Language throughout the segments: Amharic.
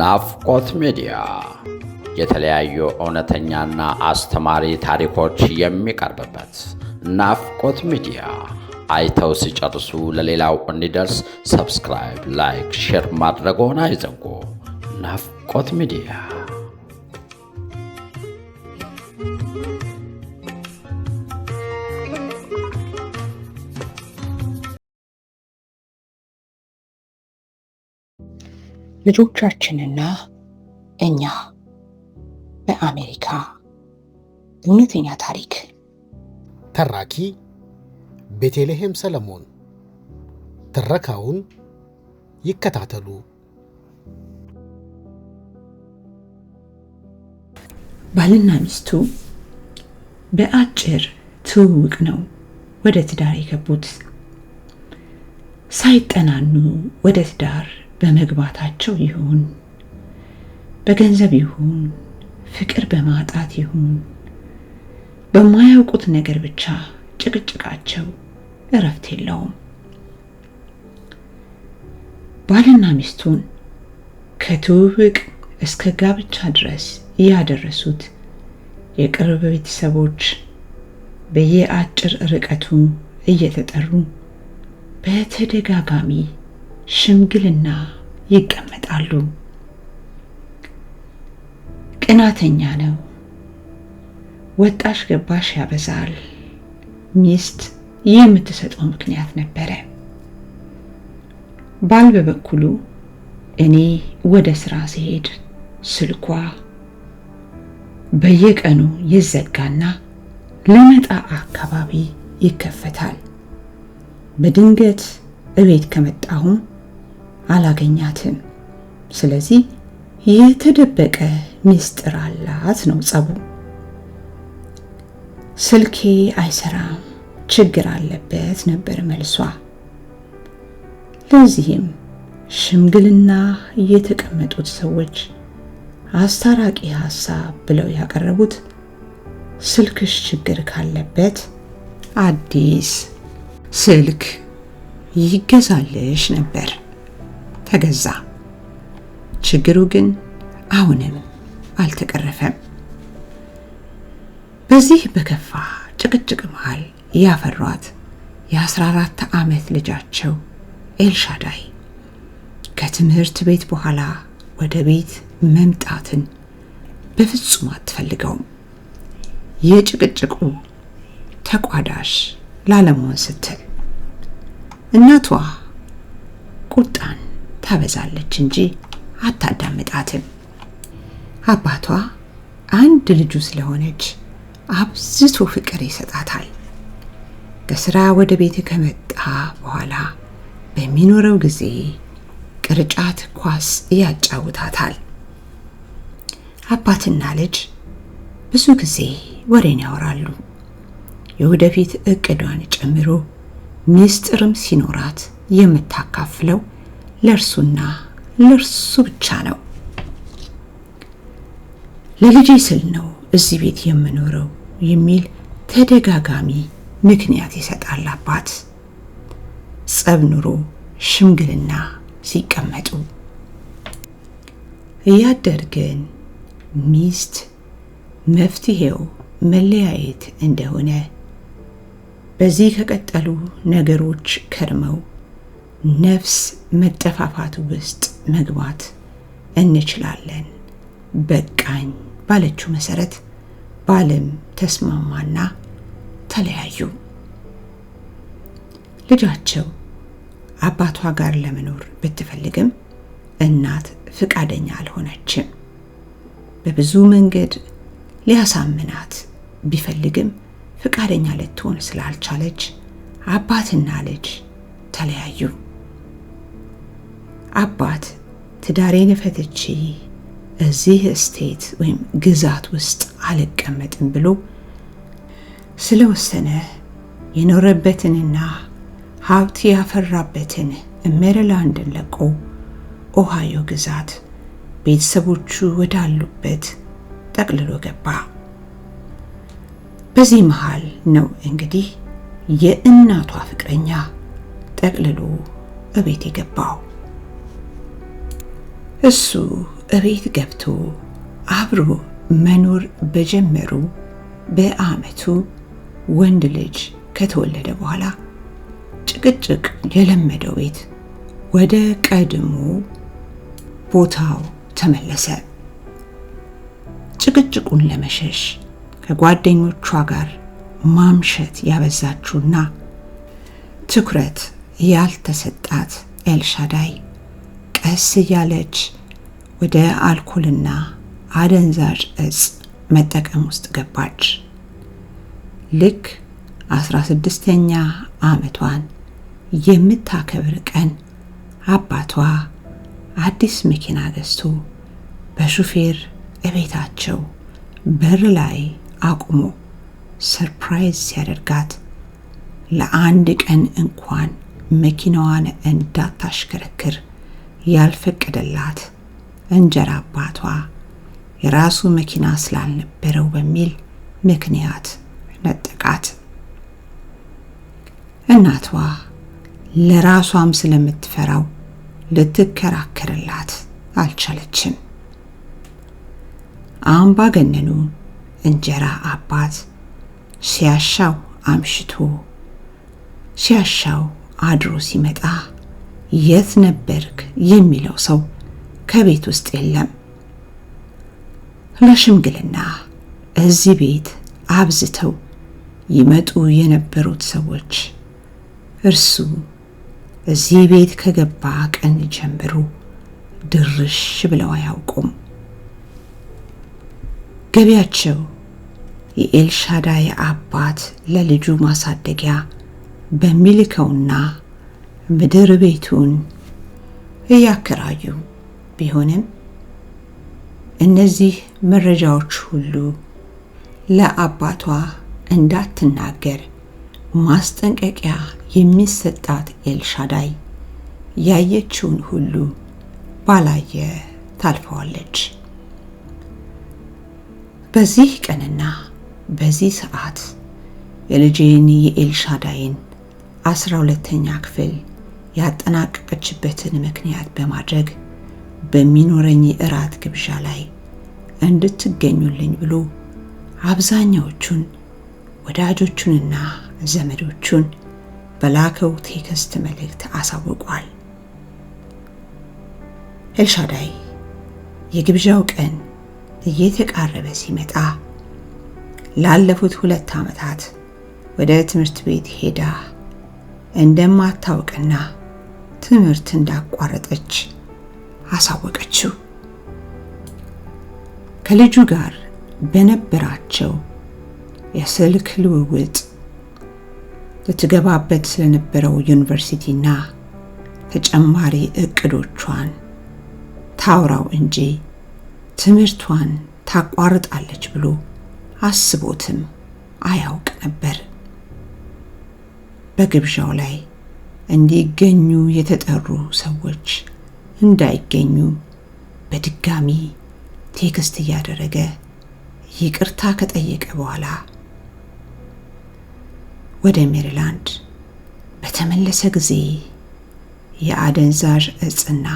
ናፍቆት ሚዲያ የተለያዩ እውነተኛና አስተማሪ ታሪኮች የሚቀርብበት ናፍቆት ሚዲያ። አይተው ሲጨርሱ ለሌላው እንዲደርስ ሰብስክራይብ፣ ላይክ፣ ሼር ማድረግዎን አይዘንጉ። ናፍቆት ሚዲያ ልጆቻችንና እኛ በአሜሪካ እውነተኛ ታሪክ ተራኪ ቤተልሔም ሰለሞን። ትረካውን ይከታተሉ። ባልና ሚስቱ በአጭር ትውውቅ ነው ወደ ትዳር የገቡት። ሳይጠናኑ ወደ ትዳር በመግባታቸው ይሁን፣ በገንዘብ ይሁን፣ ፍቅር በማጣት ይሁን፣ በማያውቁት ነገር ብቻ ጭቅጭቃቸው እረፍት የለውም። ባልና ሚስቱን ከትውውቅ እስከ ጋብቻ ድረስ ያደረሱት የቅርብ ቤተሰቦች በየአጭር ርቀቱ እየተጠሩ በተደጋጋሚ ሽምግልና ይቀመጣሉ። ቅናተኛ ነው። ወጣሽ ገባሽ ያበዛል። ሚስት ይህ የምትሰጠው ምክንያት ነበረ። ባል በበኩሉ እኔ ወደ ስራ ሲሄድ ስልኳ በየቀኑ ይዘጋና ለመጣ አካባቢ ይከፈታል። በድንገት እቤት ከመጣሁም አላገኛትም። ስለዚህ የተደበቀ ምስጢር አላት ነው ጸቡ። ስልኬ አይሰራም፣ ችግር አለበት ነበር መልሷ። ለዚህም ሽምግልና የተቀመጡት ሰዎች አስታራቂ ሐሳብ ብለው ያቀረቡት ስልክሽ ችግር ካለበት አዲስ ስልክ ይገዛልሽ ነበር። ተገዛ። ችግሩ ግን አሁንም አልተቀረፈም። በዚህ በከፋ ጭቅጭቅ መሃል ያፈሯት የ14 ዓመት ልጃቸው ኤልሻዳይ ከትምህርት ቤት በኋላ ወደ ቤት መምጣትን በፍጹም አትፈልገውም። የጭቅጭቁ ተቋዳሽ ላለመሆን ስትል እናቷ ቁጣን ታበዛለች እንጂ አታዳምጣትም። አባቷ አንድ ልጁ ስለሆነች አብዝቶ ፍቅር ይሰጣታል። ከስራ ወደ ቤት ከመጣ በኋላ በሚኖረው ጊዜ ቅርጫት ኳስ ያጫውታታል። አባትና ልጅ ብዙ ጊዜ ወሬን ያወራሉ። የወደፊት እቅዷን ጨምሮ ሚስጥርም ሲኖራት የምታካፍለው ለእርሱና ለእርሱ ብቻ ነው። ለልጄ ስል ነው እዚህ ቤት የምኖረው የሚል ተደጋጋሚ ምክንያት ይሰጣል አባት። ጸብ ኑሮ ሽምግልና ሲቀመጡ እያደርግን ሚስት መፍትሄው መለያየት እንደሆነ በዚህ ከቀጠሉ ነገሮች ከርመው ነፍስ መጠፋፋት ውስጥ መግባት እንችላለን። በቃኝ ባለችው መሰረት ባልም ተስማማና ተለያዩ። ልጃቸው አባቷ ጋር ለመኖር ብትፈልግም እናት ፍቃደኛ አልሆነችም። በብዙ መንገድ ሊያሳምናት ቢፈልግም ፍቃደኛ ልትሆን ስላልቻለች አባትና ልጅ ተለያዩ። አባት ትዳሬን ፈትቼ እዚህ እስቴት ወይም ግዛት ውስጥ አልቀመጥም ብሎ ስለወሰነ የኖረበትንና ሀብት ያፈራበትን ሜሪላንድን ለቆ ኦሃዮ ግዛት ቤተሰቦቹ ወዳሉበት ጠቅልሎ ገባ። በዚህ መሃል ነው እንግዲህ የእናቷ ፍቅረኛ ጠቅልሎ እቤት የገባው። እሱ እቤት ገብቶ አብሮ መኖር በጀመሩ በዓመቱ ወንድ ልጅ ከተወለደ በኋላ ጭቅጭቅ የለመደው ቤት ወደ ቀድሞ ቦታው ተመለሰ። ጭቅጭቁን ለመሸሽ ከጓደኞቿ ጋር ማምሸት ያበዛችውና ትኩረት ያልተሰጣት ኤልሻዳይ ቀስ እያለች ወደ አልኮልና አደንዛዥ እጽ መጠቀም ውስጥ ገባች። ልክ አስራ ስድስተኛ ዓመቷን የምታከብር ቀን አባቷ አዲስ መኪና ገዝቶ በሹፌር እቤታቸው በር ላይ አቁሞ ሰርፕራይዝ ሲያደርጋት ለአንድ ቀን እንኳን መኪናዋን እንዳታሽከረክር ያልፈቀደላት እንጀራ አባቷ የራሱ መኪና ስላልነበረው በሚል ምክንያት ነጠቃት። እናቷ ለራሷም ስለምትፈራው ልትከራከርላት አልቻለችም። አምባገነኑ እንጀራ አባት ሲያሻው አምሽቶ ሲያሻው አድሮ ሲመጣ የት ነበርክ የሚለው ሰው ከቤት ውስጥ የለም። ለሽምግልና እዚህ ቤት አብዝተው ይመጡ የነበሩት ሰዎች እርሱ እዚህ ቤት ከገባ ቀን ጀምሮ ድርሽ ብለው አያውቁም። ገቢያቸው የኤልሻዳይ አባት ለልጁ ማሳደጊያ በሚልከውና ምድር ቤቱን እያከራዩ ቢሆንም እነዚህ መረጃዎች ሁሉ ለአባቷ እንዳትናገር ማስጠንቀቂያ የሚሰጣት ኤልሻዳይ ያየችውን ሁሉ ባላየ ታልፈዋለች። በዚህ ቀንና በዚህ ሰዓት የልጄን የኤልሻዳይን አስራ ሁለተኛ ክፍል ያጠናቀቀችበትን ምክንያት በማድረግ በሚኖረኝ እራት ግብዣ ላይ እንድትገኙልኝ ብሎ አብዛኛዎቹን ወዳጆቹንና ዘመዶቹን በላከው ቴክስት መልእክት አሳውቋል። ኤልሻዳይ የግብዣው ቀን እየተቃረበ ሲመጣ ላለፉት ሁለት ዓመታት ወደ ትምህርት ቤት ሄዳ እንደማታውቅና ትምህርት እንዳቋረጠች አሳወቀችው። ከልጁ ጋር በነበራቸው የስልክ ልውውጥ ልትገባበት ስለነበረው ዩኒቨርሲቲና ተጨማሪ እቅዶቿን ታውራው እንጂ ትምህርቷን ታቋርጣለች ብሎ አስቦትም አያውቅ ነበር። በግብዣው ላይ እንዲገኙ የተጠሩ ሰዎች እንዳይገኙ በድጋሚ ቴክስት እያደረገ ይቅርታ ከጠየቀ በኋላ ወደ ሜሪላንድ በተመለሰ ጊዜ የአደንዛዥ እጽና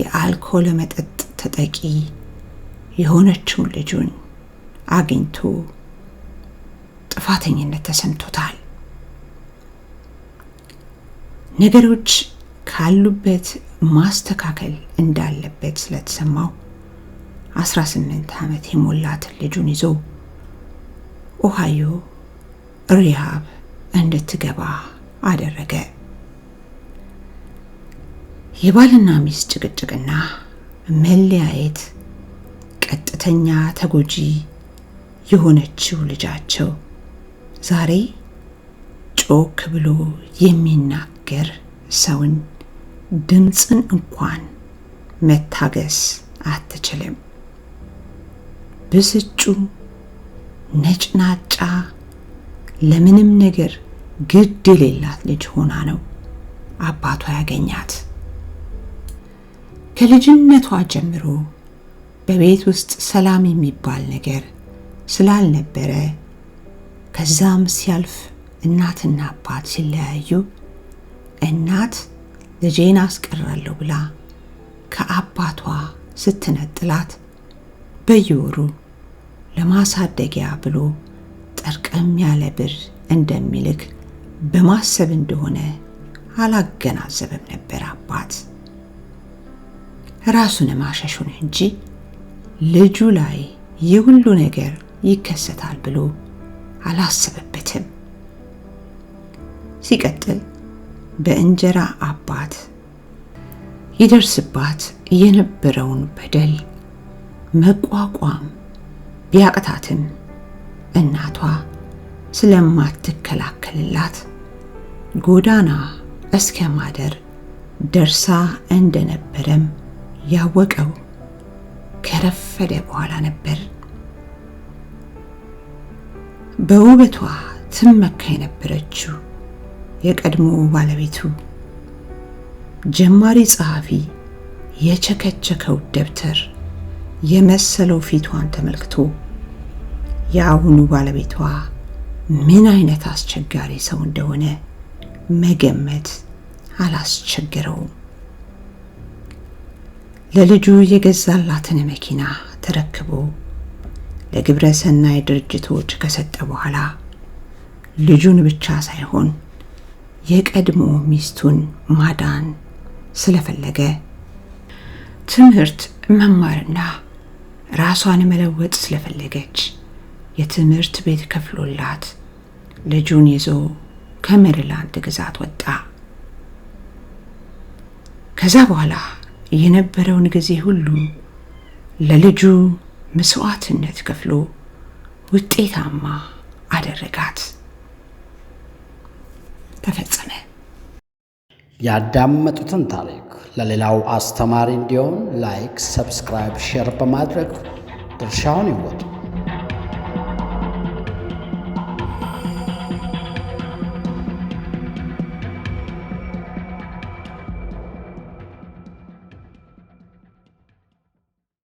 የአልኮል መጠጥ ተጠቂ የሆነችውን ልጁን አግኝቶ ጥፋተኝነት ተሰምቶታል። ነገሮች ካሉበት ማስተካከል እንዳለበት ስለተሰማው 18 ዓመት የሞላትን ልጁን ይዞ ኦሃዮ ሪሃብ እንድትገባ አደረገ። የባልና ሚስት ጭቅጭቅና መለያየት ቀጥተኛ ተጎጂ የሆነችው ልጃቸው ዛሬ ጮክ ብሎ የሚናገር የሚናገር ሰውን ድምፅን እንኳን መታገስ አትችልም። ብስጩ፣ ነጭናጫ፣ ለምንም ነገር ግድ የሌላት ልጅ ሆና ነው አባቷ ያገኛት። ከልጅነቷ ጀምሮ በቤት ውስጥ ሰላም የሚባል ነገር ስላልነበረ ከዛም ሲያልፍ እናትና አባት ሲለያዩ እናት ልጄን አስቀራለሁ ብላ ከአባቷ ስትነጥላት በየወሩ ለማሳደጊያ ብሎ ጠርቀም ያለ ብር እንደሚልክ በማሰብ እንደሆነ አላገናዘበም ነበር አባት። ራሱን ማሸሹን እንጂ ልጁ ላይ ይህ ሁሉ ነገር ይከሰታል ብሎ አላሰበበትም። ሲቀጥል በእንጀራ አባት ይደርስባት የነበረውን በደል መቋቋም ቢያቅታትም እናቷ ስለማትከላከልላት ጎዳና እስከ ማደር ደርሳ እንደነበረም ያወቀው ከረፈደ በኋላ ነበር። በውበቷ ትመካ የነበረችው የቀድሞ ባለቤቱ ጀማሪ ጸሐፊ የቸከቸከው ደብተር የመሰለው ፊቷን ተመልክቶ የአሁኑ ባለቤቷ ምን አይነት አስቸጋሪ ሰው እንደሆነ መገመት አላስቸግረውም። ለልጁ የገዛላትን መኪና ተረክቦ ለግብረ ሰናይ ድርጅቶች ከሰጠ በኋላ ልጁን ብቻ ሳይሆን የቀድሞ ሚስቱን ማዳን ስለፈለገ ትምህርት መማርና ራሷን መለወጥ ስለፈለገች የትምህርት ቤት ከፍሎላት ልጁን ይዞ ከሜሪላንድ ግዛት ወጣ። ከዛ በኋላ የነበረውን ጊዜ ሁሉ ለልጁ መስዋዕትነት ከፍሎ ውጤታማ አደረጋት። ተፈጸመ። ያዳመጡትን ታሪክ ለሌላው አስተማሪ እንዲሆን ላይክ፣ ሰብስክራይብ፣ ሼር በማድረግ ድርሻውን ይወጡ።